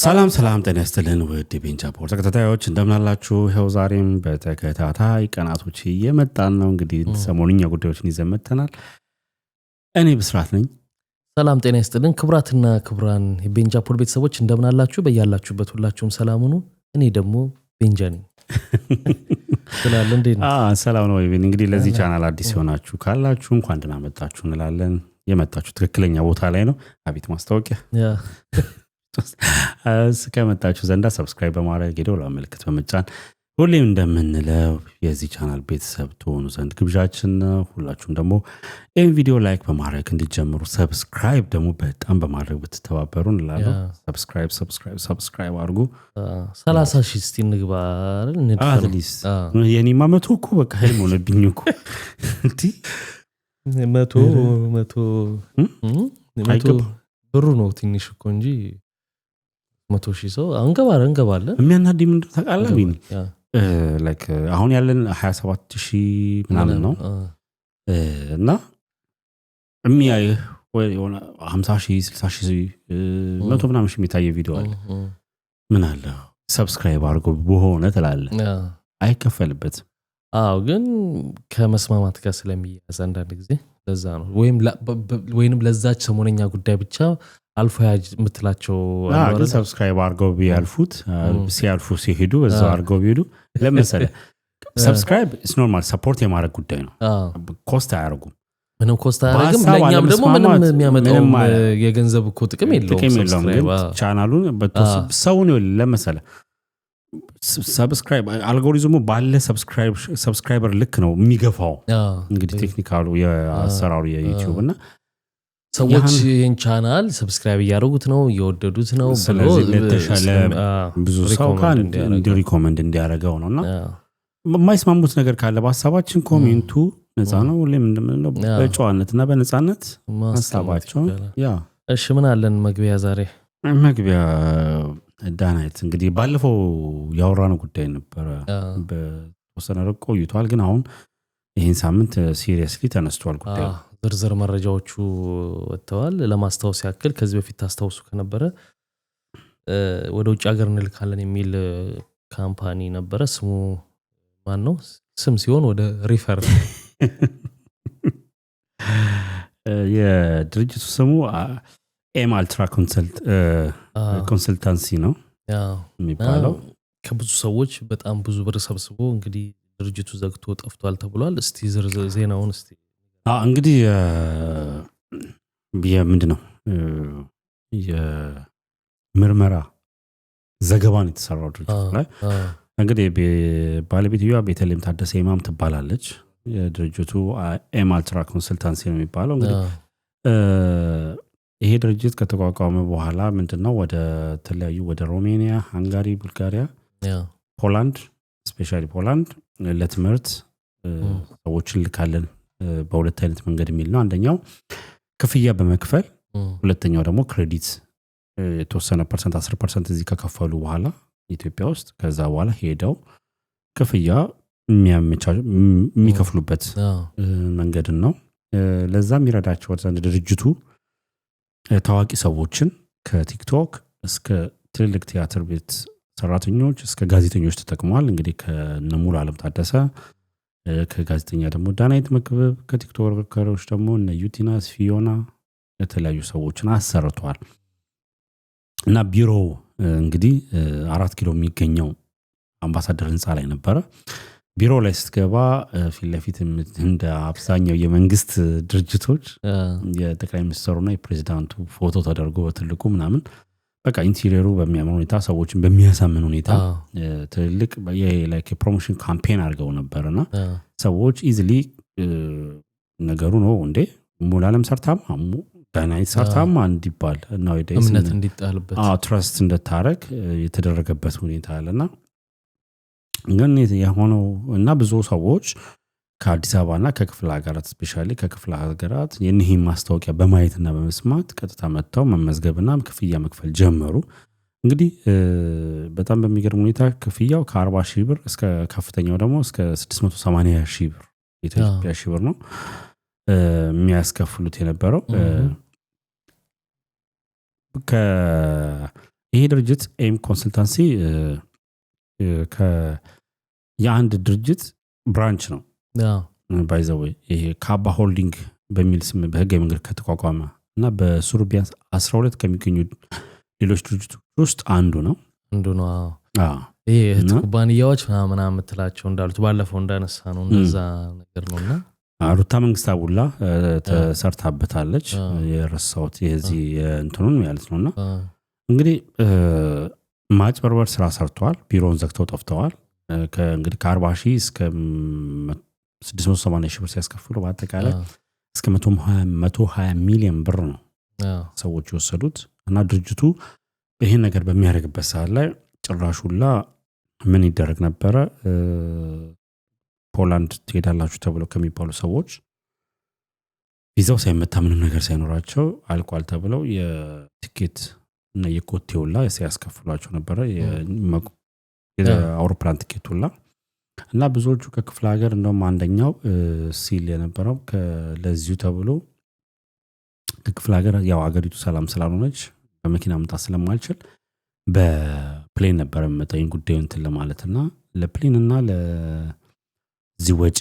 ሰላም ሰላም፣ ጤና ይስጥልን ውድ ቤንጃፖር ተከታታዮች እንደምናላችሁ። ይኸው ዛሬም በተከታታይ ቀናቶች እየመጣን ነው። እንግዲህ ሰሞንኛ ጉዳዮችን ይዘመተናል። እኔ ብስራት ነኝ። ሰላም ጤና ይስጥልን ክቡራትና ክቡራን ቤንጃፖር ቤተሰቦች እንደምናላችሁ። በያላችሁበት ሁላችሁም ሰላም ሁኑ። እኔ ደግሞ ቤንጃ ነኝ ስላለ እንዴት ነው? ሰላም ነው ወይ? እንግዲህ ለዚህ ቻናል አዲስ የሆናችሁ ካላችሁ እንኳን ደህና መጣችሁ እንላለን። የመጣችሁ ትክክለኛ ቦታ ላይ ነው። አቤት ማስታወቂያ እስከመጣችሁ ዘንዳ ሰብስክራይብ በማድረግ ሄደው ምልክት በመጫን ሁሌም እንደምንለው የዚህ ቻናል ቤተሰብ ትሆኑ ዘንድ ግብዣችን ሁላችሁም ደግሞ ይህን ቪዲዮ ላይክ በማድረግ እንዲጀምሩ ሰብስክራይብ ደግሞ በጣም በማድረግ ብትተባበሩ እንላለን። ሰብስክራይብ ሰብስክራይብ ሰብስክራይብ አድርጉ። ሰላሳ ሺህ እስቲ እንግባ። የኔማ መቶ እኮ በቃ ህልም ሆነብኝ እኮ መቶ መቶ ብሩ ነው ትንሽ እኮ እንጂ መቶ ሺህ ሰው እንገባለን እንገባለን። የሚያናድድ ምንድ ነው ታውቃለህ? አሁን ያለን ሀያ ሰባት ሺህ ምናምን ነው እና የሚያይህ የሆነ ሀምሳ ሺ ስልሳ ሺ መቶ ምናምን ሺህ የሚታየ ቪዲዮ አለ። ምን አለ ሰብስክራይብ አድርጎ በሆነ ትላለ አይከፈልበትም። አዎ ግን ከመስማማት ጋር ስለሚያያዝ አንዳንድ ጊዜ ለዛ ነው ወይም ለዛች ሰሞነኛ ጉዳይ ብቻ አልፎ ያጅ የምትላቸው ሰብስክራይብ አርገው ቢያልፉት ሲያልፉ ሲሄዱ እዛ አርገው ቢሄዱ ለመሰለ ሰብስክራይብ ስ ኖርማል ሰፖርት የማድረግ ጉዳይ ነው። ኮስት አያደርጉም፣ ምንም ኮስት አያደርግም። ለእኛም ደግሞ ምንም የሚያመጣው የገንዘብ እኮ ጥቅም የለውም። ቻናሉ ሰውን ለመሰለ ሰብስክራይብ አልጎሪዝሙ ባለ ሰብስክራይበር ልክ ነው የሚገፋው። እንግዲህ ቴክኒካሉ የአሰራሩ የዩቲዩብ እና ሰዎች ይህን ቻናል ሰብስክራይብ እያደረጉት ነው እየወደዱት ነው ስለዚህ ለተሻለ ብዙ ሰው ሪኮመንድ እንዲያደረገው ነው እና የማይስማሙት ነገር ካለ በሀሳባችን ኮሜንቱ ነፃ ነው ሁሌም እንደምንለው በጨዋነት እና በነፃነት ሀሳባቸውን እሺ ምን አለን መግቢያ ዛሬ መግቢያ ዳናይት እንግዲህ ባለፈው ያወራነው ጉዳይ ነበረ በተወሰነ ቆይቷል ግን አሁን ይህን ሳምንት ሲሪየስሊ ተነስቷል ጉዳዩ ዝርዝር መረጃዎቹ ወጥተዋል። ለማስታወስ ያክል ከዚህ በፊት ታስታውሱ ከነበረ ወደ ውጭ ሀገር እንልካለን የሚል ካምፓኒ ነበረ። ስሙ ማን ነው? ስም ሲሆን ወደ ሪፈር የድርጅቱ ስሙ ኤም አልትራ ኮንሰልታንሲ ነው የሚባለው። ከብዙ ሰዎች በጣም ብዙ ብር ሰብስቦ እንግዲህ ድርጅቱ ዘግቶ ጠፍቷል ተብሏል። እስቲ ዝርዝር ዜናውን እስቲ እንግዲህ ምንድ ነው የምርመራ ዘገባን የተሰራው ድርጅት ላይ እንግዲህ ባለቤትዮዋ ቤተልሔም ታደሰ ኤማም ትባላለች። ድርጅቱ ኤም አልትራ ኮንስልታንሲ ነው የሚባለው። እንግዲህ ይሄ ድርጅት ከተቋቋመ በኋላ ምንድነው ወደ ተለያዩ ወደ ሮሜኒያ፣ ሃንጋሪ፣ ቡልጋሪያ፣ ፖላንድ ስፔሻሊ ፖላንድ ለትምህርት ሰዎችን ልካለን በሁለት አይነት መንገድ የሚል ነው። አንደኛው ክፍያ በመክፈል ሁለተኛው ደግሞ ክሬዲት የተወሰነ ፐርሰንት አስር ፐርሰንት እዚህ ከከፈሉ በኋላ ኢትዮጵያ ውስጥ ከዛ በኋላ ሄደው ክፍያ የሚከፍሉበት መንገድን ነው። ለዛ የሚረዳቸው ዘንድ ድርጅቱ ታዋቂ ሰዎችን ከቲክቶክ እስከ ትልልቅ ቲያትር ቤት ሰራተኞች እስከ ጋዜጠኞች ተጠቅመዋል። እንግዲህ ከነሙሉ አለም ታደሰ ከጋዜጠኛ ደግሞ ዳናይት መክበብ ከቲክቶከሮች ደግሞ እነ ዩቲናስ ፊዮና የተለያዩ ሰዎችን አሰርተዋል እና ቢሮ እንግዲህ አራት ኪሎ የሚገኘው አምባሳደር ህንፃ ላይ ነበረ። ቢሮ ላይ ስትገባ ፊት ለፊት እንደ አብዛኛው የመንግስት ድርጅቶች የጠቅላይ ሚኒስትሩና የፕሬዚዳንቱ ፎቶ ተደርጎ በትልቁ ምናምን በቃ ኢንቴሪየሩ በሚያምር ሁኔታ ሰዎችን በሚያሳምን ሁኔታ ትልልቅ የፕሮሞሽን ካምፔን አድርገው ነበር እና ሰዎች ኢዝሊ ነገሩ ነው እንዴ ሙላለም ሰርታማ ዳናይት ሰርታማ እንዲባል እና እምነት ትረስት እንደታረግ የተደረገበት ሁኔታ አለና ግን የሆነው እና ብዙ ሰዎች ከአዲስ አበባና ከክፍለ ሀገራት ስፔሻሊ ከክፍለ ሀገራት የኒህን ማስታወቂያ በማየትና በመስማት ቀጥታ መጥተው መመዝገብና ክፍያ መክፈል ጀመሩ። እንግዲህ በጣም በሚገርም ሁኔታ ክፍያው ከ40 ሺህ ብር እስከ ከፍተኛው ደግሞ እስከ 680 ሺህ ብር የኢትዮጵያ ሺህ ብር ነው የሚያስከፍሉት የነበረው። ይሄ ድርጅት ኤም ኮንስልታንሲ የአንድ ድርጅት ብራንች ነው ባይዘወይ ይሄ ካባ ሆልዲንግ በሚል ስም በህጋዊ መንገድ ከተቋቋመ እና በሱር ቢያንስ 12 ከሚገኙ ሌሎች ድርጅቶች ውስጥ አንዱ ነው አንዱ ነው ይሄ እህት ኩባንያዎች ምናምን የምትላቸው እንዳሉት ባለፈው እንዳነሳ ነው እንደዛ ነገር ነው እና ሩታ መንግስት አቡላ ተሰርታበታለች የረሳውት የዚህ እንትኑን ያለት ነው እና እንግዲህ ማጭበርበር ስራ ሰርተዋል ቢሮውን ዘግተው ጠፍተዋል እንግዲህ ከአርባ ሺህ እስከ 680 ሺህ ብር ሲያስከፍሉ በአጠቃላይ እስከ 120 ሚሊዮን ብር ነው ሰዎች የወሰዱት እና ድርጅቱ ይህን ነገር በሚያደርግበት ሰዓት ላይ ጭራሹላ ምን ይደረግ ነበረ? ፖላንድ ትሄዳላችሁ ተብሎ ከሚባሉ ሰዎች ቪዛው ሳይመታ ምንም ነገር ሳይኖራቸው አልቋል ተብለው የትኬት እና የኮቴውላ ሲያስከፍሏቸው ነበረ። የአውሮፕላን ትኬቱላ እና ብዙዎቹ ከክፍለ ሀገር እንደውም አንደኛው ሲል የነበረው ለዚሁ ተብሎ ከክፍለ ሀገር ያው ሀገሪቱ ሰላም ስላልሆነች በመኪና መምጣት ስለማልችል በፕሌን ነበር የምመጣው ጉዳዩ እንትን ለማለት እና ለፕሌን እና ለዚህ ወጪ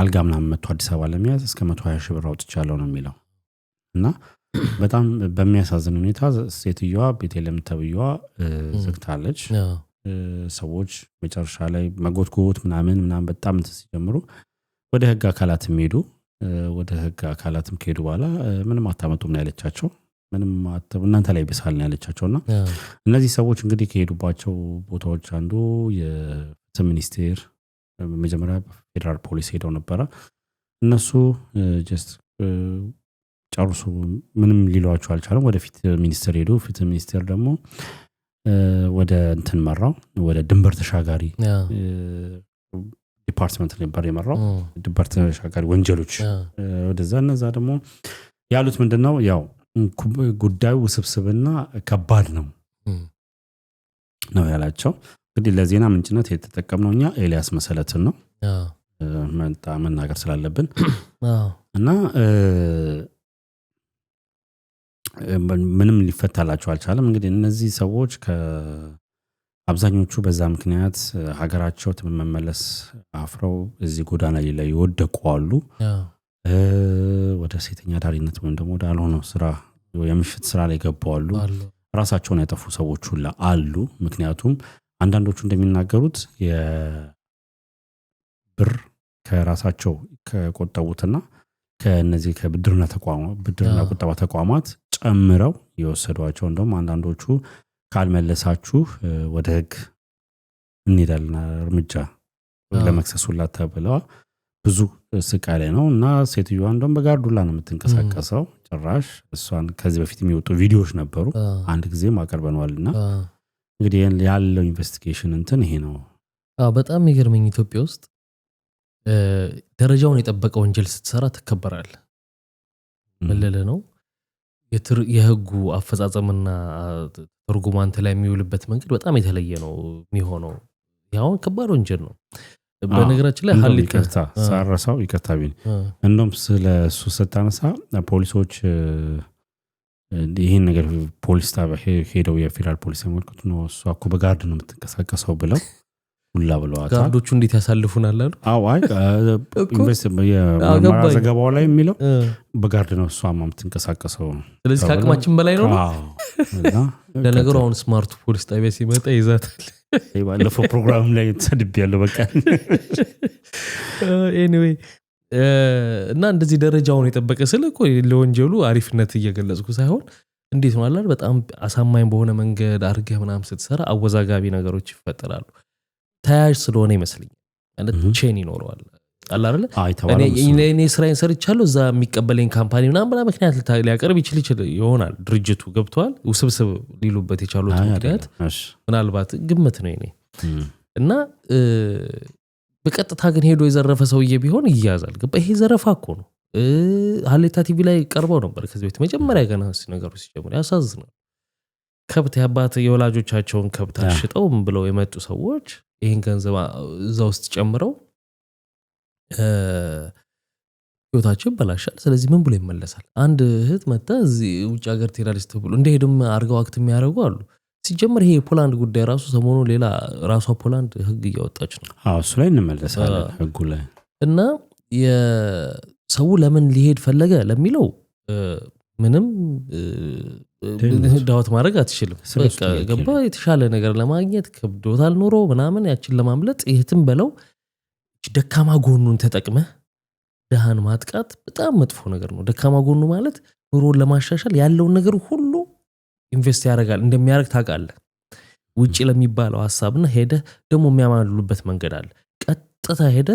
አልጋ ምናምን መጥቶ አዲስ አበባ ለመያዝ እስከ መቶ ሀያ ሺህ ብር አውጥቻለሁ ነው የሚለው እና በጣም በሚያሳዝን ሁኔታ ሴትዮዋ ቤቴ ተብዬዋ ዝግታለች ሰዎች መጨረሻ ላይ መጎትጎት ምናምን ምናምን በጣም እንትን ሲጀምሩ ወደ ህግ አካላት የሚሄዱ ወደ ህግ አካላትም ከሄዱ በኋላ ምንም አታመጡም ነው ያለቻቸው። ምንም እናንተ ላይ ብሳል ነው ያለቻቸው። እና እነዚህ ሰዎች እንግዲህ ከሄዱባቸው ቦታዎች አንዱ የፍትህ ሚኒስቴር መጀመሪያ ፌዴራል ፖሊስ ሄደው ነበረ። እነሱ ጀስት ጨርሱ ምንም ሊሏቸው አልቻለም። ወደ ፍትህ ሚኒስቴር ሄዱ። ፍትህ ሚኒስቴር ደግሞ ወደ እንትን መራው ወደ ድንበር ተሻጋሪ ዲፓርትመንት ነበር የመራው ድንበር ተሻጋሪ ወንጀሎች ወደዛ እነዛ ደግሞ ያሉት ምንድነው ያው ጉዳዩ ውስብስብና ከባድ ነው ነው ያላቸው እንግዲህ ለዜና ምንጭነት የተጠቀምነው እኛ ኤልያስ መሰለትን ነው መናገር ስላለብን እና ምንም ሊፈታላቸው አልቻለም። እንግዲህ እነዚህ ሰዎች አብዛኞቹ በዛ ምክንያት ሀገራቸው መመለስ አፍረው እዚህ ጎዳና ላይ ይወደቁ አሉ። ወደ ሴተኛ ዳሪነት ወይም ደግሞ ወደ አልሆነው ስራ የምሽት ስራ ላይ ገቡ አሉ። ራሳቸውን ያጠፉ ሰዎች ሁላ አሉ። ምክንያቱም አንዳንዶቹ እንደሚናገሩት የብር ከራሳቸው ከቆጠቡትና ከነዚህ ከብድርና ብድርና ቁጠባ ተቋማት ጨምረው የወሰዷቸው እንደም አንዳንዶቹ ካልመለሳችሁ ወደ ህግ እንሄዳልና እርምጃ ለመክሰሱላት ተብለዋል። ብዙ ስቃይ ላይ ነው እና ሴትዮዋ እንደም በጋርዱላ ነው የምትንቀሳቀሰው። ጭራሽ እሷን ከዚህ በፊት የሚወጡ ቪዲዮዎች ነበሩ፣ አንድ ጊዜም አቀርበነዋል። እና እንግዲህ ያለው ኢንቨስቲጌሽን እንትን ይሄ ነው። በጣም የገርመኝ ኢትዮጵያ ውስጥ ደረጃውን የጠበቀ ወንጀል ስትሰራ ትከበራል መለለ ነው። የህጉ አፈጻጸምና ትርጉማንት ላይ የሚውልበት መንገድ በጣም የተለየ ነው የሚሆነው። ያሁን ከባድ ወንጀል ነው። በነገራችን ላይ ሀል ሳረሳው ይቀርታ ቢል እንደም ስለ እሱ ስታነሳ ፖሊሶች ይህን ነገር ፖሊስ ሄደው የፌዴራል ፖሊስ ያመልክቱ ነው እሷ እኮ በጋርድ ነው የምትንቀሳቀሰው ብለው ሁላ ብለዋታል። ጋርዶቹ እንዴት ያሳልፉናል አሉ። ምርመራ ዘገባው ላይ የሚለው በጋርድ ነው እሷ የምትንቀሳቀሰው ነው። ስለዚህ ከአቅማችን በላይ ነው። ለነገሩ አሁን ስማርቱ ፖሊስ ጣቢያ ሲመጣ ይዛታል። ባለፈው ፕሮግራም ላይ ተሰድብ ያለው በቃ ኤኒዌይ እና እንደዚህ ደረጃውን የጠበቀ ስል ለወንጀሉ አሪፍነት እየገለጽኩ ሳይሆን እንዴት ነው አላል በጣም አሳማኝ በሆነ መንገድ አድርገህ ምናም ስትሰራ አወዛጋቢ ነገሮች ይፈጠራሉ። ተያያዥ ስለሆነ ይመስለኛል ቼን ይኖረዋል አላለ ስራዬን ሰርቻለሁ እዛ የሚቀበለኝ ካምፓኒ ምናምን ምክንያት ሊያቀርብ ይችል ይችል ይሆናል ድርጅቱ ገብተዋል ውስብስብ ሊሉበት የቻሉት ምክንያት ምናልባት ግምት ነው ኔ እና በቀጥታ ግን ሄዶ የዘረፈ ሰውዬ ቢሆን ይያዛል ገባ ይሄ ዘረፋ እኮ ነው ሀሌታ ቲቪ ላይ ቀርበው ነበር ከዚህ ቤት መጀመሪያ ገና ነገሩ ሲጀምር ያሳዝናል ከብት የአባት የወላጆቻቸውን ከብት አሽጠውም ብለው የመጡ ሰዎች ይህን ገንዘብ እዛ ውስጥ ጨምረው ህይወታቸው ይበላሻል። ስለዚህ ምን ብሎ ይመለሳል? አንድ እህት መተ ውጭ ሀገር ትሄዳለች ተብሎ እንደሄድም አርገው አክት የሚያደርጉ አሉ። ሲጀመር ይሄ የፖላንድ ጉዳይ ራሱ ሰሞኑ ሌላ ራሷ ፖላንድ ህግ እያወጣች ነው። እሱ ላይ እንመለሳለን ህጉ ላይ እና የሰው ለምን ሊሄድ ፈለገ ለሚለው ምንም ዳወት ማድረግ አትችልም። ገባ የተሻለ ነገር ለማግኘት ከብዶታል ኑሮ ምናምን ያችን ለማምለጥ ይህትም በለው ደካማ ጎኑን ተጠቅመ ድሃን ማጥቃት በጣም መጥፎ ነገር ነው። ደካማ ጎኑ ማለት ኑሮን ለማሻሻል ያለውን ነገር ሁሉ ኢንቨስት ያደርጋል እንደሚያደርግ ታቃለ ውጭ ለሚባለው ሀሳብና ሄደ ደግሞ የሚያማሉበት መንገድ አለ። ቀጥታ ሄደ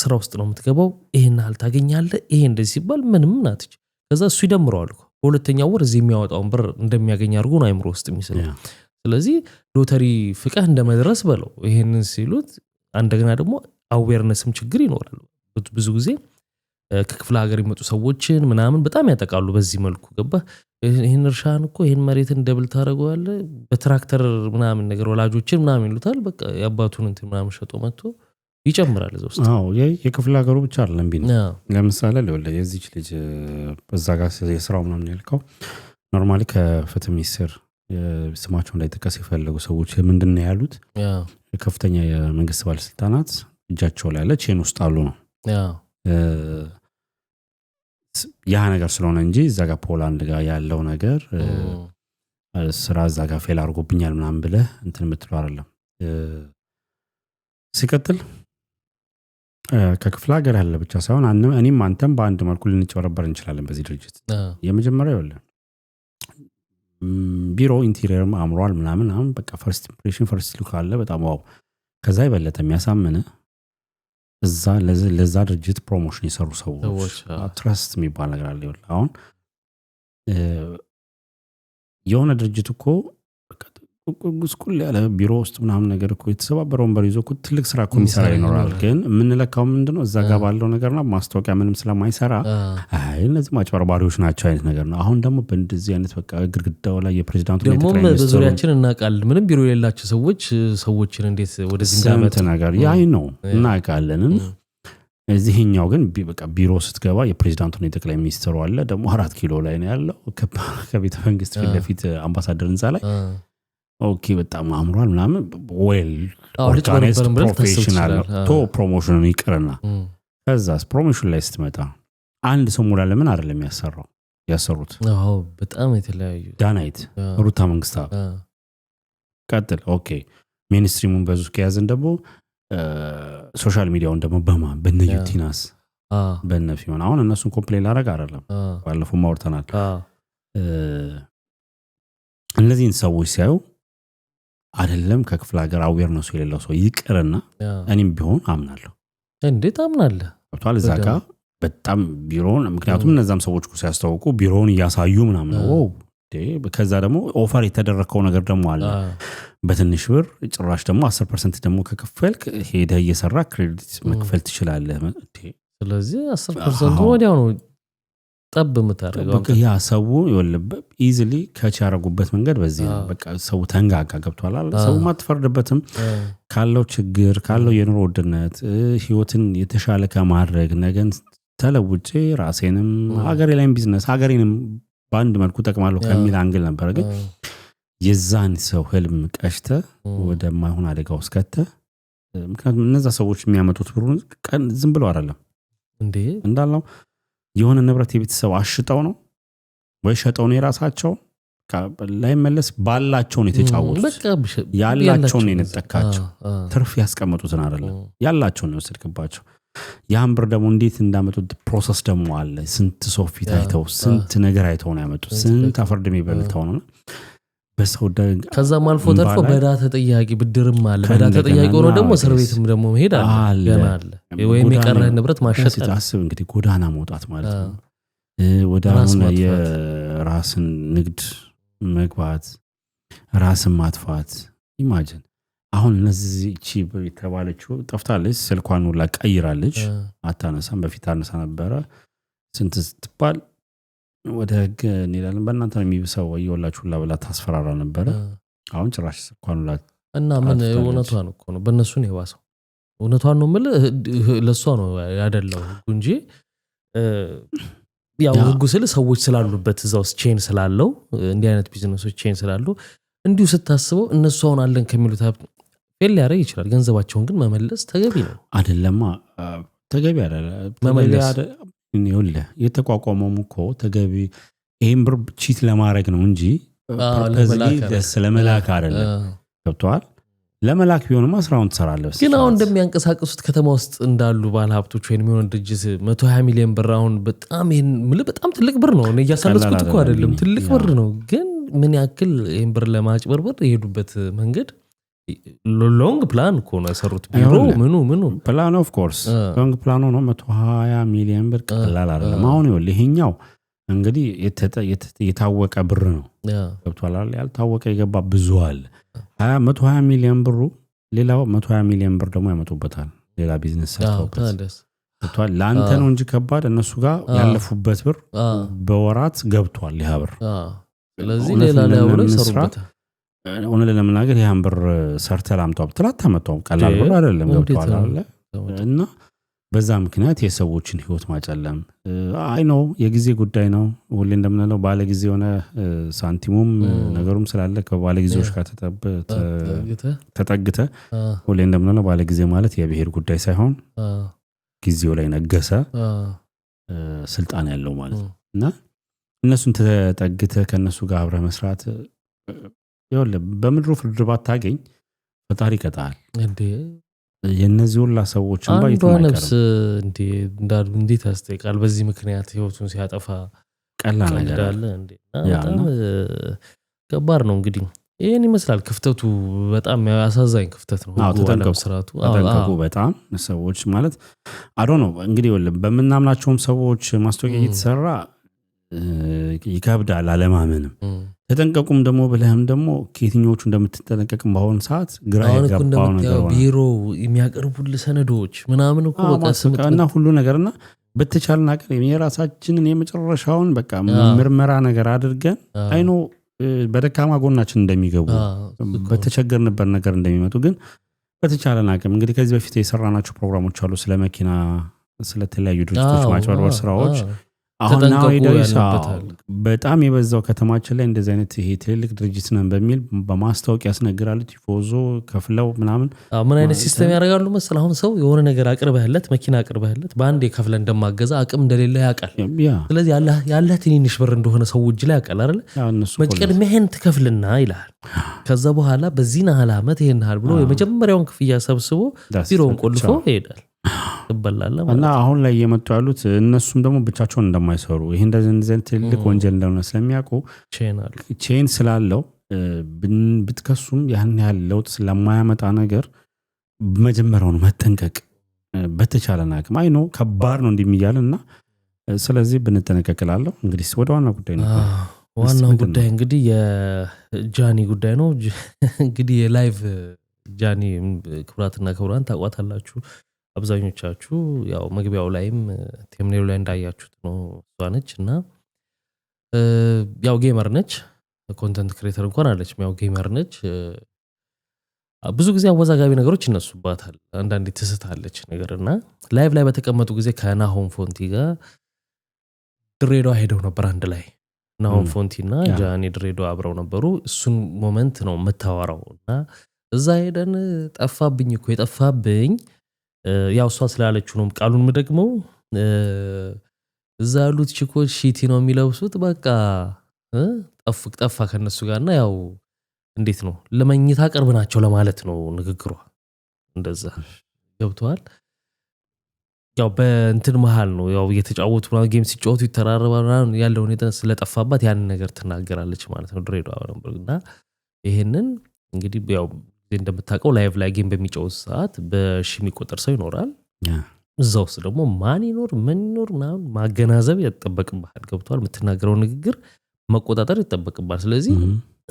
ስራ ውስጥ ነው የምትገባው። ይህን አልታገኛለ ታገኛለህ፣ ይሄ እንደዚህ ሲባል ምንም ናትች ከዛ እሱ ይደምረዋል። በሁለተኛው ወር እዚህ የሚያወጣውን ብር እንደሚያገኝ አድርጎ ነው አይምሮ ውስጥ የሚስለው። ስለዚህ ሎተሪ ፍቀህ እንደመድረስ በለው። ይህንን ሲሉት እንደገና ደግሞ አዌርነስም ችግር ይኖራል። ብዙ ጊዜ ከክፍለ ሀገር የመጡ ሰዎችን ምናምን በጣም ያጠቃሉ። በዚህ መልኩ ገባ ይህን እርሻን እኮ ይህን መሬትን ደብል ታደርገዋለህ በትራክተር ምናምን ነገር ወላጆችን ምናምን ይሉታል። በቃ የአባቱን እንትን ምናምን ሸጦ መጥቶ ይጨምራል እዛ ውስጥ። የክፍለ ሀገሩ ብቻ አለ ቢ ለምሳሌ ሊወለ የዚች ልጅ እዛ ጋር የስራው ምናምን ያልከው ኖርማሊ ከፍትህ ሚኒስትር ስማቸው እንዳይጠቀስ የፈለጉ ሰዎች ምንድን ያሉት? ከፍተኛ የመንግስት ባለስልጣናት እጃቸው ላይ ያለ ቼን ውስጥ አሉ ነው ያ ነገር ስለሆነ እንጂ እዛ ጋር ፖላንድ ጋር ያለው ነገር ስራ እዛ ጋር ፌል አድርጎብኛል ምናምን ብለህ እንትን የምትለው አይደለም። ሲቀጥል ከክፍለ ሀገር ያለ ብቻ ሳይሆን እኔም አንተም በአንድ መልኩ ልንጨበረበር እንችላለን በዚህ ድርጅት። የመጀመሪያ ይወለ ቢሮ ኢንቴሪየርም አምሯል ምናምን አሁን በቃ ፈርስት ኢምፕሬሽን ፈርስት ሉክ አለ በጣም ዋው። ከዛ የበለጠ የሚያሳምን እዛ ለዛ ድርጅት ፕሮሞሽን የሰሩ ሰዎች ትረስት የሚባል ነገር አለ። አሁን የሆነ ድርጅት እኮ ጉስቁል ያለ ቢሮ ውስጥ ምናምን ነገር እኮ የተሰባበረ ወንበር ይዞ ትልቅ ስራ እኮ የሚሰራ ይኖራል። ግን የምንለካው ምንድን ነው? እዛ ጋር ባለው ነገርና ማስታወቂያ ምንም ስለማይሰራ እነዚህ ማጭበርባሪዎች ናቸው አይነት ነገር ነው። አሁን ደግሞ በእንደዚህ አይነት በቃ ግድግዳው ላይ የፕሬዚዳንቱ ደግሞም በዙሪያችን እናውቃለን። ምንም ቢሮ የሌላቸው ሰዎች ሰዎችን እንዴት ወደዚህ ነገር ያይ ነው እናውቃለንን እዚህኛው ግን ቢሮ ስትገባ የፕሬዚዳንቱን የጠቅላይ ሚኒስትሩ አለ ደግሞ አራት ኪሎ ላይ ነው ያለው ከቤተ መንግስት ፊት ለፊት አምባሳደር ህንፃ ላይ ኦኬ በጣም አምሯል ምናምን ዌል ፕሮፌሽናል ቶ ፕሮሞሽኑን ይቅርና ከዛስ ፕሮሞሽን ላይ ስትመጣ አንድ ሰው ሙላ ለምን አይደለም ያሰራው ያሰሩት በጣም የተለያዩ ዳናይት ሩታ መንግስታ ቀጥል ኦኬ ሚኒስትሪሙን በዙ ከያዝን ደግሞ ሶሻል ሚዲያውን ደግሞ በማ በነ ዩቲናስ በነ ፊሆን አሁን እነሱን ኮምፕሌን ላረግ አይደለም ባለፉ ማውርተናል እነዚህን ሰዎች ሲያዩ አይደለም ከክፍለ ሀገር አዌርነሱ የሌለው ሰው ይቅርና እኔም ቢሆን አምናለሁ። እንዴት አምናለህ? ብቷል እዛ ጋ በጣም ቢሮውን ምክንያቱም እነዛም ሰዎች ሲያስታወቁ ቢሮውን እያሳዩ ምናምን ከዛ ደግሞ ኦፈር የተደረግከው ነገር ደግሞ አለ በትንሽ ብር ጭራሽ ደግሞ አስር ፐርሰንት ደግሞ ከክፈል ሄደ እየሰራ ክሬዲት መክፈል ትችላለህ። ስለዚህ ፐርሰንቱ ወዲያው ነው ጠብ የምታደርገው ያ ሰው ይወልበት ኢዝሊ ከች ያደረጉበት መንገድ በዚህ ነው። በቃ ሰው ተንጋጋ ገብቷላል። ሰው አትፈርድበትም። ካለው ችግር ካለው የኑሮ ውድነት ህይወትን የተሻለ ከማድረግ ነገን ተለውጬ ራሴንም ሀገሬ ላይም ቢዝነስ ሀገሬንም በአንድ መልኩ ጠቅማለሁ ከሚል አንግል ነበረ። ግን የዛን ሰው ህልም ቀሽተ ወደማይሆን አደጋ ውስጥ ከተ ምክንያቱም እነዛ ሰዎች የሚያመጡት ብሩን ዝም ብለው አይደለም እንዳለው የሆነ ንብረት የቤተሰብ አሽጠው ነው ወይ ሸጠው ነው የራሳቸው ላይመለስ ባላቸውን የተጫወቱት ያላቸውን የነጠካቸው ትርፍ ያስቀመጡትን አይደለም ያላቸውን የወሰድክባቸው ያን ብር ደግሞ እንዴት እንዳመጡት ፕሮሰስ ደግሞ አለ ስንት ሰው ፊት አይተው ስንት ነገር አይተው ነው ያመጡት ስንት አፈርድሜ በልተው ነው በሰው ከዛም አልፎ ተርፎ በዳ ተጠያቂ ብድርም አለ። በዳ ተጠያቂ ሆኖ ደግሞ እስር ቤትም ደግሞ መሄድ አለ ወይም የቀረህን ንብረት ማሸጥ አስብ። እንግዲህ ጎዳና መውጣት ማለት ነው። ወደ አሁን የራስን ንግድ መግባት፣ ራስን ማጥፋት። ኢማጅን አሁን እነዚህ እቺ የተባለችው ጠፍታለች። ስልኳን ሁላ ቀይራለች፣ አታነሳም። በፊት አነሳ ነበረ ስንት ስትባል ወደ ህግ እንሄዳለን። በእናንተ ነው የሚብሰው ወየወላችሁ ሁላ ብላ ታስፈራራ ነበረ። አሁን ጭራሽ ስኳን ሁላ እና ምን እውነቷን እኮ ነው። በእነሱ ነው የባሰው። እውነቷን ነው የምልህ፣ ለእሷ ነው ያደለው ህጉ እንጂ ያው ህጉ ስል ሰዎች ስላሉበት እዛ ውስጥ ቼን ስላለው እንዲህ አይነት ቢዝነሶች ቼን ስላሉ እንዲሁ ስታስበው እነሱ አሁን አለን ከሚሉት ሀብት ፌል ሊያደርግ ይችላል። ገንዘባቸውን ግን መመለስ ተገቢ ነው አደለማ? ተገቢ ይኸውልህ የተቋቋመውም እኮ ተገቢ ይህም ብር ቺት ለማድረግ ነው እንጂ ለመላክ አይደለም። ገብተዋል። ለመላክ ቢሆንማ ስራውን ትሰራለህ። ግን አሁን እንደሚያንቀሳቀሱት ከተማ ውስጥ እንዳሉ ባለ ሀብቶች ወይም የሆነ ድርጅት መቶ ሀያ ሚሊዮን ብር አሁን በጣም በጣም ትልቅ ብር ነው። እያሳለስኩት እኮ አይደለም፣ ትልቅ ብር ነው። ግን ምን ያክል ይህን ብር ለማጭበርበር የሄዱበት መንገድ ሎንግ ፕላን እኮ ነው ያሰሩት። ቢሮ ምኑ ምኑ ፕላን ኦፍ ኮርስ ሎንግ ፕላን ነው። መቶ ሀያ ሚሊዮን ብር ቀላል አይደለም። አሁን ይኸውልህ ይሄኛው እንግዲህ የታወቀ ብር ነው ገብቷል። ያልታወቀ የገባ ብዙ አለ። መቶ ሀያ ሚሊዮን ብሩ ሌላው መቶ ሀያ ሚሊዮን ብር ደግሞ ያመጡበታል። ሌላ ቢዝነስ ሰርተውበት ለአንተ ነው እንጂ ከባድ እነሱ ጋር ያለፉበት ብር በወራት ገብቷል። ይህ ብር ስለዚህ ሌላ ሊያውለ ይሰሩበታል እውነት ለመናገር ይህን ብር ሰርተህ ላምጣው ብትል አታመጣውም። ቀላል ብር አይደለም። ገብቶሃል እና በዛ ምክንያት የሰዎችን ህይወት ማጨለም አይ ነው የጊዜ ጉዳይ ነው። ሁሌ እንደምንለው ባለ ጊዜ የሆነ ሳንቲሙም ነገሩም ስላለ ከባለ ጊዜዎች ጋር ተጠግተ ሁሌ እንደምንለው ባለ ጊዜ ማለት የብሔር ጉዳይ ሳይሆን ጊዜው ላይ ነገሰ ስልጣን ያለው ማለት ነው እና እነሱን ተጠግተ ከእነሱ ጋር አብረ መስራት ይኸውልህ በምድሩ ፍርድ ባታገኝ ፈጣሪ ይቀጣል። የእነዚህ ሁላ ሰዎች አንዷ ነፍስ እንዴት ያስጠይቃል? በዚህ ምክንያት ህይወቱን ሲያጠፋ ቀላል ነገር ከባድ ነው እንግዲህ ይህን ይመስላል። ክፍተቱ በጣም አሳዛኝ ክፍተት ነው። ስርዓቱ ተጠንቀቁ በጣም ሰዎች ማለት አዶ ነው እንግዲህ በምናምናቸውም ሰዎች ማስታወቂያ እየተሰራ ይከብዳል አለማመንም። ተጠንቀቁም ደግሞ ብለህም ደግሞ ከየትኞቹ እንደምትጠነቀቅም በአሁኑ ሰዓት ግራ ቢሮ የሚያቀርቡል ሰነዶች ምናምን እና ሁሉ ነገርና በተቻለን አቅም የራሳችንን የመጨረሻውን በቃ ምርመራ ነገር አድርገን አይኖ በደካማ ጎናችን እንደሚገቡ በተቸገርንበት ነገር እንደሚመጡ ግን በተቻለን አቅም እንግዲህ ከዚህ በፊት የሰራናቸው ፕሮግራሞች አሉ ስለ መኪና፣ ስለተለያዩ ድርጅቶች ማጭበርበር ስራዎች አሁን አወዳዊ በጣም የበዛው ከተማችን ላይ እንደዚህ አይነት ይሄ ትልልቅ ድርጅት ነን በሚል በማስታወቂያ ያስነግራሉ። ቲፎዞ ከፍለው ምናምን ምን አይነት ሲስተም ያደርጋሉ መሰል። አሁን ሰው የሆነ ነገር አቅርበህለት መኪና አቅርበህለት በአንድ የከፍለ እንደማገዛ አቅም እንደሌለ ያውቃል። ስለዚህ ያለህ ትንንሽ ብር እንደሆነ ሰው እጅ ላይ ያውቃል አይደለ? መቅድሚያህን ትከፍልና ይልሃል። ከዛ በኋላ በዚህ ናህል ዓመት ይሄን ናህል ብሎ የመጀመሪያውን ክፍያ ሰብስቦ ቢሮውን ቆልፎ ይሄዳል። ትበላለ እና አሁን ላይ እየመጡ ያሉት እነሱም ደግሞ ብቻቸውን እንደማይሰሩ ይህ እንደዚህ ትልቅ ወንጀል እንደሆነ ስለሚያውቁ ቼን ስላለው ብትከሱም ያን ያህል ለውጥ ስለማያመጣ ነገር መጀመሪያውን መጠንቀቅ በተቻለን አቅም አይኖ ከባድ ነው እንዲሚያል እና ስለዚህ ብንጠነቀቅላለሁ። እንግዲህ ወደ ዋና ጉዳይ ነው። ዋናው ጉዳይ እንግዲህ የጃኒ ጉዳይ ነው። እንግዲህ የላይቭ ጃኒ ክብራትና ክብራን ታቋታላችሁ አብዛኞቻችሁ ያው መግቢያው ላይም ቴምኔሉ ላይ እንዳያችሁት ነው። እሷ ነች እና ያው ጌመር ነች፣ ኮንተንት ክሬተር እንኳን አለች፣ ያው ጌመር ነች። ብዙ ጊዜ አወዛጋቢ ነገሮች ይነሱባታል። አንዳንድ ትስታለች ነገር እና ላይቭ ላይ በተቀመጡ ጊዜ ከናሆም ፎንቲ ጋር ድሬዳዋ ሄደው ነበር አንድ ላይ ናሆን ፎንቲ እና ጃኒ ድሬዳዋ አብረው ነበሩ። እሱን ሞመንት ነው የምታወራው እና እዛ ሄደን ጠፋብኝ እኮ የጠፋብኝ ያው እሷ ስላለችው ነው ቃሉንም ደግሞ እዛ ያሉት ቺኮች ሺቲ ነው የሚለብሱት። በቃ ጠፍቅ ጠፋ ከነሱ ጋርና ያው እንዴት ነው ለመኝታ ቅርብ ናቸው ለማለት ነው ንግግሯ። እንደዛ ገብተዋል። ያው በእንትን መሀል ነው ያው እየተጫወቱ ጌም ሲጫወቱ ይተራረባል ያለ ሁኔታ ስለጠፋባት ያንን ነገር ትናገራለች ማለት ነው። ድሬዳዋ ነበር እና ይሄንን እንግዲህ ያው እንደምታውቀው ላይቭ ላይ ጌም በሚጫወት ሰዓት በሺ የሚቆጠር ሰው ይኖራል። እዛ ውስጥ ደግሞ ማን ይኖር ምን ይኖር ምናምን ማገናዘብ ያጠበቅባል ገብተዋል። የምትናገረው ንግግር መቆጣጠር ይጠበቅባል ስለዚህ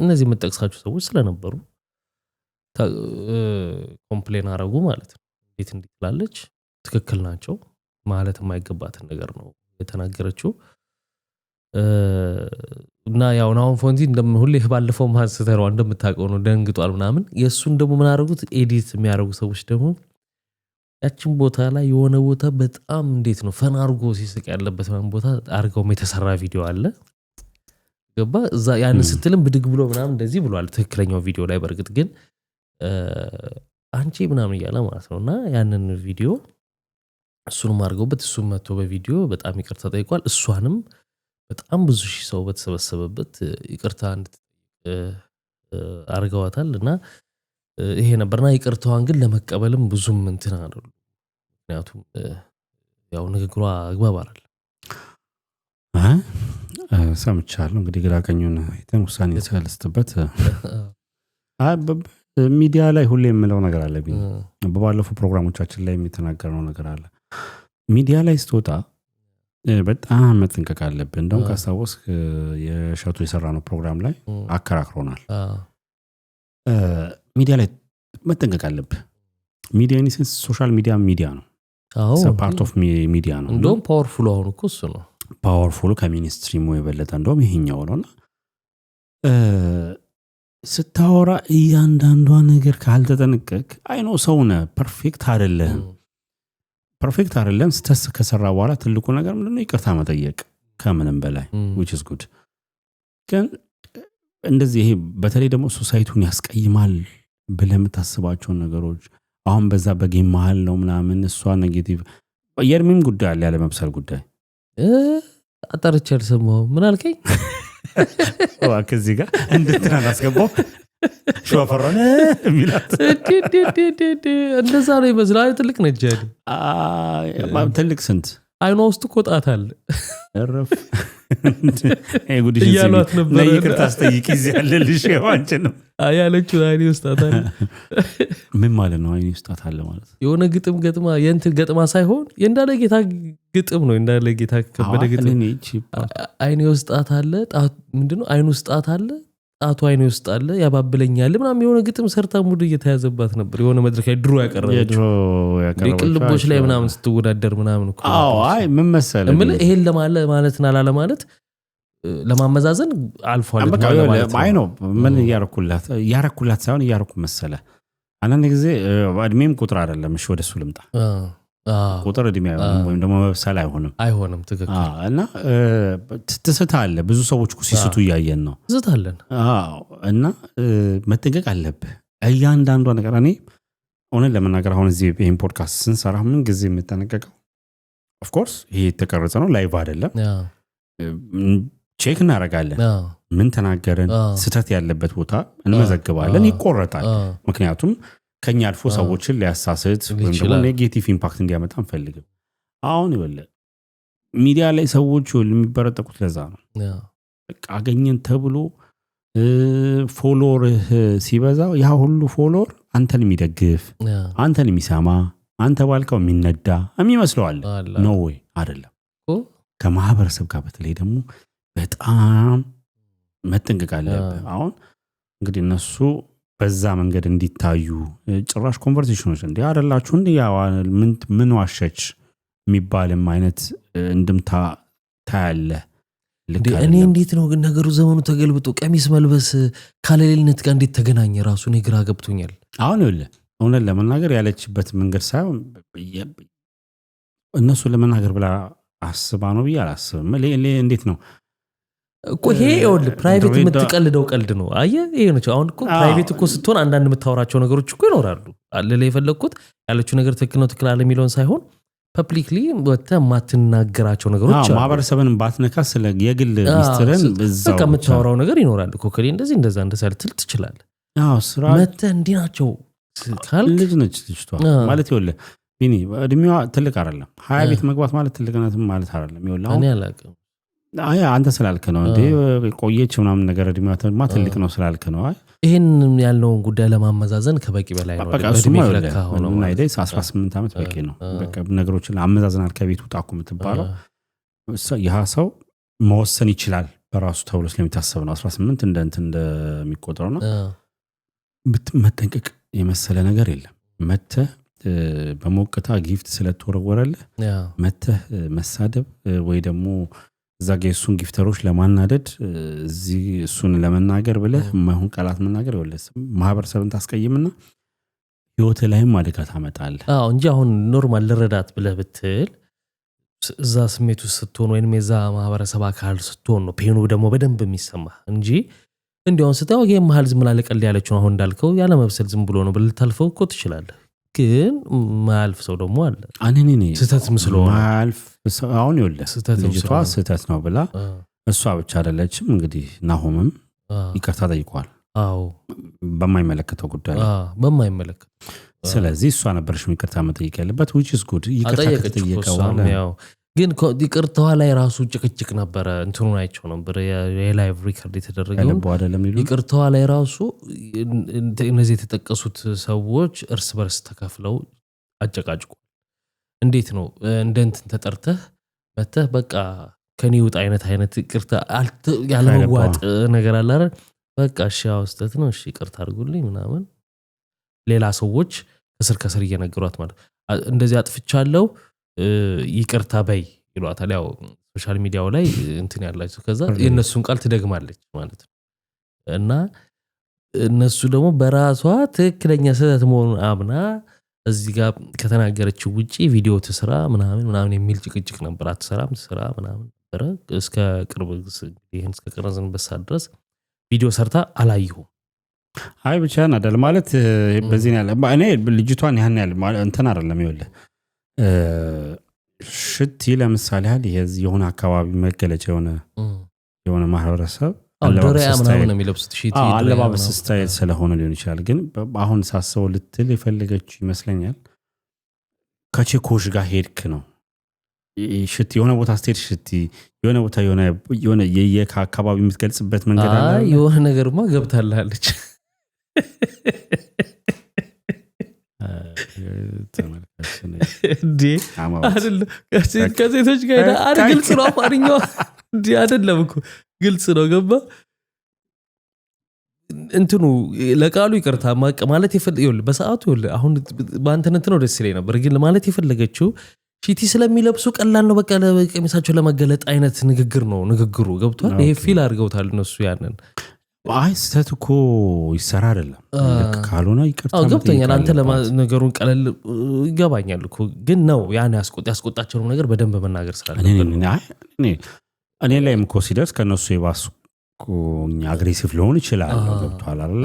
እነዚህ የምጠቅሳቸው ሰዎች ስለነበሩ ኮምፕሌን አረጉ ማለት ነው። እንዴት እንዲላለች ትክክል ናቸው ማለት የማይገባትን ነገር ነው የተናገረችው። እና ያው ናሆም ፎንቲ ሁሌ ባለፈው ማስተተሯ እንደምታውቀው ነው ደንግጧል ምናምን። የእሱን ደግሞ ምን አደረጉት? ኤዲት የሚያደርጉ ሰዎች ደግሞ ያችን ቦታ ላይ የሆነ ቦታ በጣም እንዴት ነው ፈን አርጎ ሲስቅ ያለበት ቦታ አድርገውም የተሰራ ቪዲዮ አለ ገባ። እዛ ያን ስትልም ብድግ ብሎ ምናምን እንደዚህ ብሏል። ትክክለኛው ቪዲዮ ላይ በእርግጥ ግን አንቺ ምናምን እያለ ማለት ነው እና ያንን ቪዲዮ እሱንም አድርገውበት እሱም መጥቶ በቪዲዮ በጣም ይቅርታ ጠይቋል እሷንም በጣም ብዙ ሺህ ሰው በተሰበሰበበት ይቅርታ እንድትጠይቅ አርገዋታል እና ይሄ ነበርና ይቅርታዋን ግን ለመቀበልም ብዙም እንትን አሉ። ምክንያቱም ያው ንግግሯ አግባብ አይደለም። ሰምቻለሁ እንግዲህ ግራቀኙን ቀኙን ውሳኔ ስልስትበት ሚዲያ ላይ ሁሌ የምለው ነገር አለብኝ። በባለፉ ፕሮግራሞቻችን ላይ የተናገርነው ነገር አለ። ሚዲያ ላይ ስትወጣ በጣም መጠንቀቅ አለብን። እንደውም ካስታወስክ የሸቱ የሰራነው ፕሮግራም ላይ አከራክሮናል። ሚዲያ ላይ መጠንቀቅ አለብ ሚዲያ ኒሴንስ ሶሻል ሚዲያ ሚዲያ ነው፣ ፓርት ኦፍ ሚዲያ ነው። እንደም ፓወርፉሉ አሁን እኮ እሱ ነው ፓወርፉሉ ከሚኒስትሪሙ የበለጠ እንደም ይሄኛው ነውና ስታወራ እያንዳንዷ ነገር ካልተጠንቀቅ አይኖ ሰውነ ፐርፌክት አደለህም ፐርፌክት አይደለም ስተስ ከሰራ በኋላ ትልቁ ነገር ምንድነው ይቅርታ መጠየቅ ከምንም በላይ ዊች ጉድ ግን እንደዚህ ይሄ በተለይ ደግሞ ሶሳይቱን ያስቀይማል ብለምታስባቸውን ነገሮች አሁን በዛ በጌ መሀል ነው ምናምን እሷ ኔጌቲቭ የእድሜም ጉዳይ አለ ያለመብሰል ጉዳይ አጣርቼ ስሞ ምን አልከኝ ከዚህ ጋር እንድትናን አስገባው ሸፈራን እንደዛ ነው ይመስላል። ትልቅ ነች ትልቅ ስንት አይኗ ውስጥ እኮ ጣት አለ እያሏት ነበረ። ይቅርታ አስጠይቂ እዚህ ያለልሽ ያለችው። አይኔ ውስጥ ጣት አለ ምን ማለት ነው? አይኔ ውስጥ ጣት አለ ማለት የሆነ ግጥም ገጥማ የእንትን ገጥማ ሳይሆን የእንዳለ ጌታ ግጥም ነው። እንዳለ ጌታ ከበደ ግጥም አይኔ ውስጥ ጣት አለ ምንድነው? አይኑ ውስጥ ጣት አለ አቶ አይኔ ውስጥ አለ ያባብለኛል ምናም የሆነ ግጥም ሰርታ ሙድ እየተያዘባት ነበር። የሆነ መድረክ ላይ ድሮ ያቀረበችው ቅልቦች ላይ ምናምን ስትወዳደር ምናምን ምን መሰለህ የምልህ ይሄን ለማለትና ላለማለት ለማመዛዘን አልፏል። ነው ምን እያረኩላት እያረኩላት ሳይሆን እያረኩ መሰለ አንዳንድ ጊዜ እድሜም ቁጥር አደለም እሺ ወደሱ ልምጣ ቁጥር እድሜ ወይም ደግሞ መብሰል አይሆንም አይሆንም። ትክክል እና ትስት አለ ብዙ ሰዎች ሲስቱ እያየን ነው። ትስት እና መጠንቀቅ አለብ እያንዳንዷ ነገር። እኔ እውነት ለመናገር አሁን እዚህ ይህን ፖድካስት ስንሰራ ምን ጊዜ የምጠነቀቀው ኦፍኮርስ ይሄ የተቀረጸ ነው፣ ላይቭ አይደለም። ቼክ እናደርጋለን። ምን ተናገርን፣ ስህተት ያለበት ቦታ እንመዘግባለን፣ ይቆረጣል። ምክንያቱም ከኛ አልፎ ሰዎችን ሊያሳስት ወይም ደግሞ ኔጌቲቭ ኢምፓክት እንዲያመጣ አንፈልግም። አሁን ይበለ ሚዲያ ላይ ሰዎች የሚበረጠቁት ለዛ ነው። በቃ አገኘን ተብሎ ፎሎወርህ ሲበዛ ያ ሁሉ ፎሎወር አንተን የሚደግፍ አንተን የሚሰማ አንተ ባልከው የሚነዳ የሚመስለዋል። ነው ወይ አይደለም። ከማህበረሰብ ጋር በተለይ ደግሞ በጣም መጠንቀቅ አለብ አሁን እንግዲህ እነሱ በዛ መንገድ እንዲታዩ ጭራሽ ኮንቨርሴሽኖች እንዲ አደላችሁ እንዲ ምን ዋሸች የሚባልም አይነት እንድምታ ታያለ እኔ እንዴት ነው ግን ነገሩ ዘመኑ ተገልብጦ ቀሚስ መልበስ ካለሌልነት ጋር እንዴት ተገናኘ ራሱ እኔ ግራ ገብቶኛል አሁን ይለ እውነት ለመናገር ያለችበት መንገድ ሳይሆን እነሱ ለመናገር ብላ አስባ ነው ብዬ አላስብም እንዴት ነው እኮ ይሄ ይኸውልህ ፕራይቬት የምትቀልደው ቀልድ ነው። አየህ ይሄ ነው። አሁን እኮ ፕራይቬት እኮ ስትሆን አንዳንድ የምታወራቸው ነገሮች እኮ ይኖራሉ። ልልህ የፈለግኩት ያለችው ነገር ትክክል ነው ትክክል አለ የሚለውን ሳይሆን ፐብሊክሊ ወተ የማትናገራቸው ነገሮች ማህበረሰብን ባትነካ ስለ የግል ሚስትርን በቃ የምታወራው ነገር ይኖራል እኮ ከሌ እንደዚህ እንደዛ እንደሳል ትል ትችላል። መተ እንዲህ ናቸው ልጅ ነች ልጅቷ ማለት ይኸውልህ ቢኒ እድሜዋ ትልቅ አይደለም። ሀያ ቤት መግባት ማለት ትልቅነትም ማለት አይደለም። ይኸውልህ አሁን አይ አንተ ስላልክ ነው እንዴ ቆየች ምናምን ነገር እድሜማ ትልቅ ነው ስላልክ ነው። አይ ይህን ያለውን ጉዳይ ለማመዛዘን ከበቂ በላይ ነው። አስራ ስምንት ዓመት በቂ ነው። ነገሮችን አመዛዝናል ከቤት ውጣ የምትባለው ይህ ሰው መወሰን ይችላል በራሱ ተብሎ ስለሚታሰብ ነው። 18 እንደ እንትን እንደሚቆጠረው ነው። መጠንቀቅ የመሰለ ነገር የለም። መተ በሞቅታ ጊፍት ስለተወረወረልህ መተህ መሳደብ ወይ ደግሞ እዛ ጋ የእሱን ጊፍተሮች ለማናደድ እዚህ እሱን ለመናገር ብለ የማይሆን ቃላት መናገር ለ ማህበረሰብን ታስቀይምና ህይወት ላይም አደጋ ታመጣለ እንጂ አሁን ኖርማል ልረዳት ብለህ ብትል እዛ ስሜት ውስጥ ስትሆን ወይም የዛ ማህበረሰብ አካል ስትሆን ነው ፔኑ ደግሞ በደንብ የሚሰማ እንጂ እንዲሁን ስታ ይህ መሀል ዝም ብላ ለቀልድ አሁን እንዳልከው ያለመብሰል ዝም ብሎ ነው ብልታልፈው እኮ ትችላለህ ግን ማያልፍ ሰው ደግሞ አለ ስህተትም ስለሆነማያልፍ አሁን ይኸውልህ ልጅቷ ስህተት ነው ብላ እሷ ብቻ አደለችም እንግዲህ ናሆምም ይቅርታ ጠይቋል በማይመለከተው ጉዳይ በማይመለከት ስለዚህ እሷ ነበረች ይቅርታ መጠየቅ ያለበት ዊች ጉድ ይቅርታ ከተጠየቀ ግን ይቅርታዋ ላይ ራሱ ጭቅጭቅ ነበረ። እንትኑን አይቸው ነበር የላይቭ ሪከርድ የተደረገው ይቅርታዋ ላይ ራሱ እነዚህ የተጠቀሱት ሰዎች እርስ በርስ ተከፍለው አጨቃጭቁ። እንዴት ነው እንደንትን ተጠርተህ መተህ በቃ ከኔ ውጥ አይነት አይነት ይቅርታ ያለመዋጥ ነገር አላረ በቃ እሺ ውስጠት ነው እሺ ይቅርታ አድርጉልኝ ምናምን ሌላ ሰዎች ከስር ከስር እየነገሯት ማለት እንደዚህ አጥፍቻለሁ ይቅርታ በይ ይሏታል። ያው ሶሻል ሚዲያው ላይ እንትን ያላቸው ከዛ የእነሱን ቃል ትደግማለች ማለት ነው እና እነሱ ደግሞ በራሷ ትክክለኛ ስህተት መሆኑን አምና እዚህ ጋር ከተናገረችው ውጭ ቪዲዮ ትስራ ምናምን ምናምን የሚል ጭቅጭቅ ነበር። አትሰራም ትስራ ምናምን ነበረ። እስከ ቅርብ ይህን እስከ ቀረዝንበት ሰዓት ድረስ ቪዲዮ ሰርታ አላየሁም። አይ ብቻ ናደል ማለት በዚህ ያለ እኔ ልጅቷን ያህን ያህል እንትን አደለም ይወለ ሽቲ ለምሳሌ ያህል የሆነ አካባቢ መገለጫ የሆነ የሆነ ማህበረሰብ አለባበስ ስታይል ስለሆነ ሊሆን ይችላል። ግን አሁን ሳስበው ልትል የፈለገች ይመስለኛል ከቼኮች ጋር ሄድክ ነው ሽቲ የሆነ ቦታ ስትሄድ ሽቲ የሆነ ቦታ የሆነ የየካ አካባቢ የምትገልጽበት መንገድ አለ። የሆነ ነገርማ ገብታላለች ከሴቶች ጋር አ ግልጽ ነው። አማርኛዋ እንዲ አይደለም እኮ ግልጽ ነው። ገባ እንትኑ ለቃሉ ይቅርታ ማለት በሰዓቱ አሁን በአንተ ነው ደስ ይለኝ ነበር፣ ግን ማለት የፈለገችው ሺቲ ስለሚለብሱ ቀላል ነው በቃ ቀሚሳቸው ለመገለጥ አይነት ንግግር ነው። ንግግሩ ገብቷል። ይሄ ፊል አድርገውታል እነሱ ያንን አይ ስህተት እኮ ይሰራ አይደለም ካልሆነ ይቅርታ ገብቶኛል። አንተ ነገሩን ቀለል ይገባኛል እኮ ግን ነው ያን ያስቆጣቸውን ነገር በደንብ መናገር እኔ ላይም እኮ ሲደርስ ከእነሱ የባስኩ አግሬሲቭ ልሆን ይችላል። ገብቶሃል አለ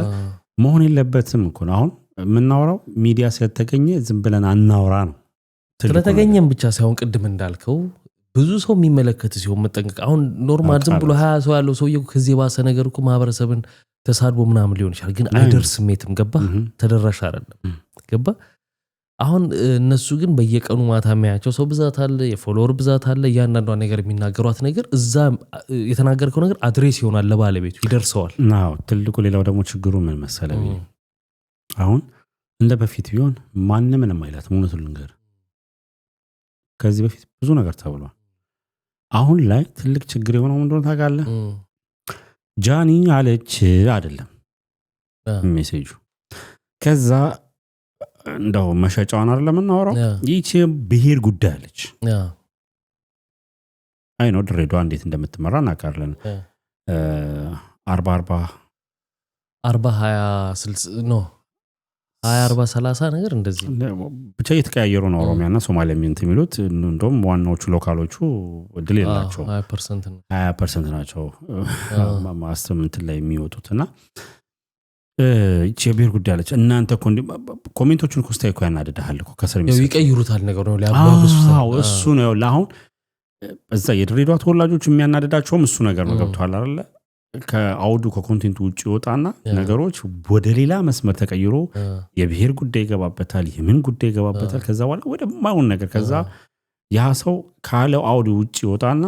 መሆን የለበትም እኮ አሁን የምናወራው ሚዲያ ስለተገኘ ዝም ብለን አናውራ ነው። ስለተገኘም ብቻ ሳይሆን ቅድም እንዳልከው ብዙ ሰው የሚመለከት ሲሆን መጠንቀቅ። አሁን ኖርማል ዝም ብሎ ሀያ ሰው ያለው ሰውዬ ከዚህ የባሰ ነገር እኮ ማህበረሰብን ተሳድቦ ምናምን ሊሆን ይችላል፣ ግን አይደርስ ስሜትም ገባ ተደራሽ አይደለም ገባ። አሁን እነሱ ግን በየቀኑ ማታ የሚያቸው ሰው ብዛት አለ፣ የፎሎወር ብዛት አለ። እያንዳንዷ ነገር የሚናገሯት ነገር እዛ የተናገርከው ነገር አድሬስ ይሆናል፣ ለባለቤቱ ይደርሰዋል። ትልቁ ሌላው ደግሞ ችግሩ ምን መሰለ አሁን እንደ በፊት ቢሆን ማንምንም አይላት አይላትም። ልንገር ከዚህ በፊት ብዙ ነገር ተብሏል። አሁን ላይ ትልቅ ችግር የሆነው ምንድነው ታውቃለህ? ጃኒ አለች አይደለም ሜሴጁ። ከዛ እንደው መሸጫዋን አይደለም እናወራው፣ ይቺ ብሄር ጉዳይ አለች። አይ ነው ድሬዳዋ እንዴት እንደምትመራ እናውቃለን። አርባ አርባ አርባ ሀያ ስልስ ነው ሀያ አርባ ሰላሳ ነገር እንደዚህ ብቻ እየተቀያየሩ ነው ኦሮሚያ ና ሶማሊያ ሚንት የሚሉት እንደም ዋናዎቹ ሎካሎቹ እድል የላቸው ሀያ ፐርሰንት ናቸው ማስተምንትን ላይ የሚወጡት እና ይቺ የብሔር ጉዳይ አለች። እናንተ ኮሜንቶቹን ኮስታይ እኮ ያናድድሃል። ይቀይሩታል ነገር ነው እሱ ነው። አሁን እዛ የድሬዳዋ ተወላጆች የሚያናደዳቸውም እሱ ነገር ነው። ገብተዋል አለ ከአውዱ ከኮንቴንቱ ውጭ ይወጣና ነገሮች ወደ ሌላ መስመር ተቀይሮ የብሔር ጉዳይ ይገባበታል፣ የምን ጉዳይ ይገባበታል። ከዛ በኋላ ወደ ወደማይሆን ነገር ከዛ ያ ሰው ካለው አውዱ ውጭ ይወጣና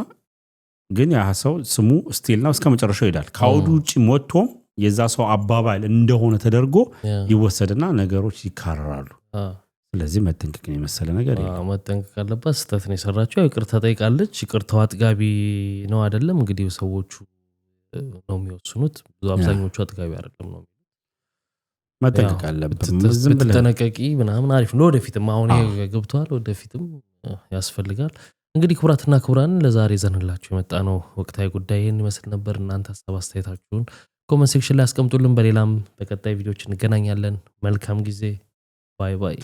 ግን ያ ሰው ስሙ ስቲል ነው እስከ መጨረሻው ይሄዳል። ከአውዱ ውጭ ወጥቶም የዛ ሰው አባባል እንደሆነ ተደርጎ ይወሰድና ነገሮች ይካረራሉ። ስለዚህ መጠንቀቅን የመሰለ ነገር መጠንቀቅ አለባት። ስህተት ነው የሰራችው። ይቅርታ ጠይቃለች። ይቅርታው አጥጋቢ ነው አይደለም እንግዲህ ሰዎቹ ነው የሚወስኑት። ብዙ አብዛኞቹ አጥጋቢ አይደለም ነው መጠንቀቅ አለብትጠነቀቂ ምናምን አሪፍ ነው። ወደፊትም አሁን ገብተዋል፣ ወደፊትም ያስፈልጋል። እንግዲህ ክቡራትና ክቡራን ለዛሬ ዘንላችሁ የመጣ ነው ወቅታዊ ጉዳይ ይህን ይመስል ነበር። እናንተ ሀሳብ አስተያየታችሁን ኮመንት ሴክሽን ላይ አስቀምጡልን። በሌላም በቀጣይ ቪዲዮዎች እንገናኛለን። መልካም ጊዜ። ባይ ባይ።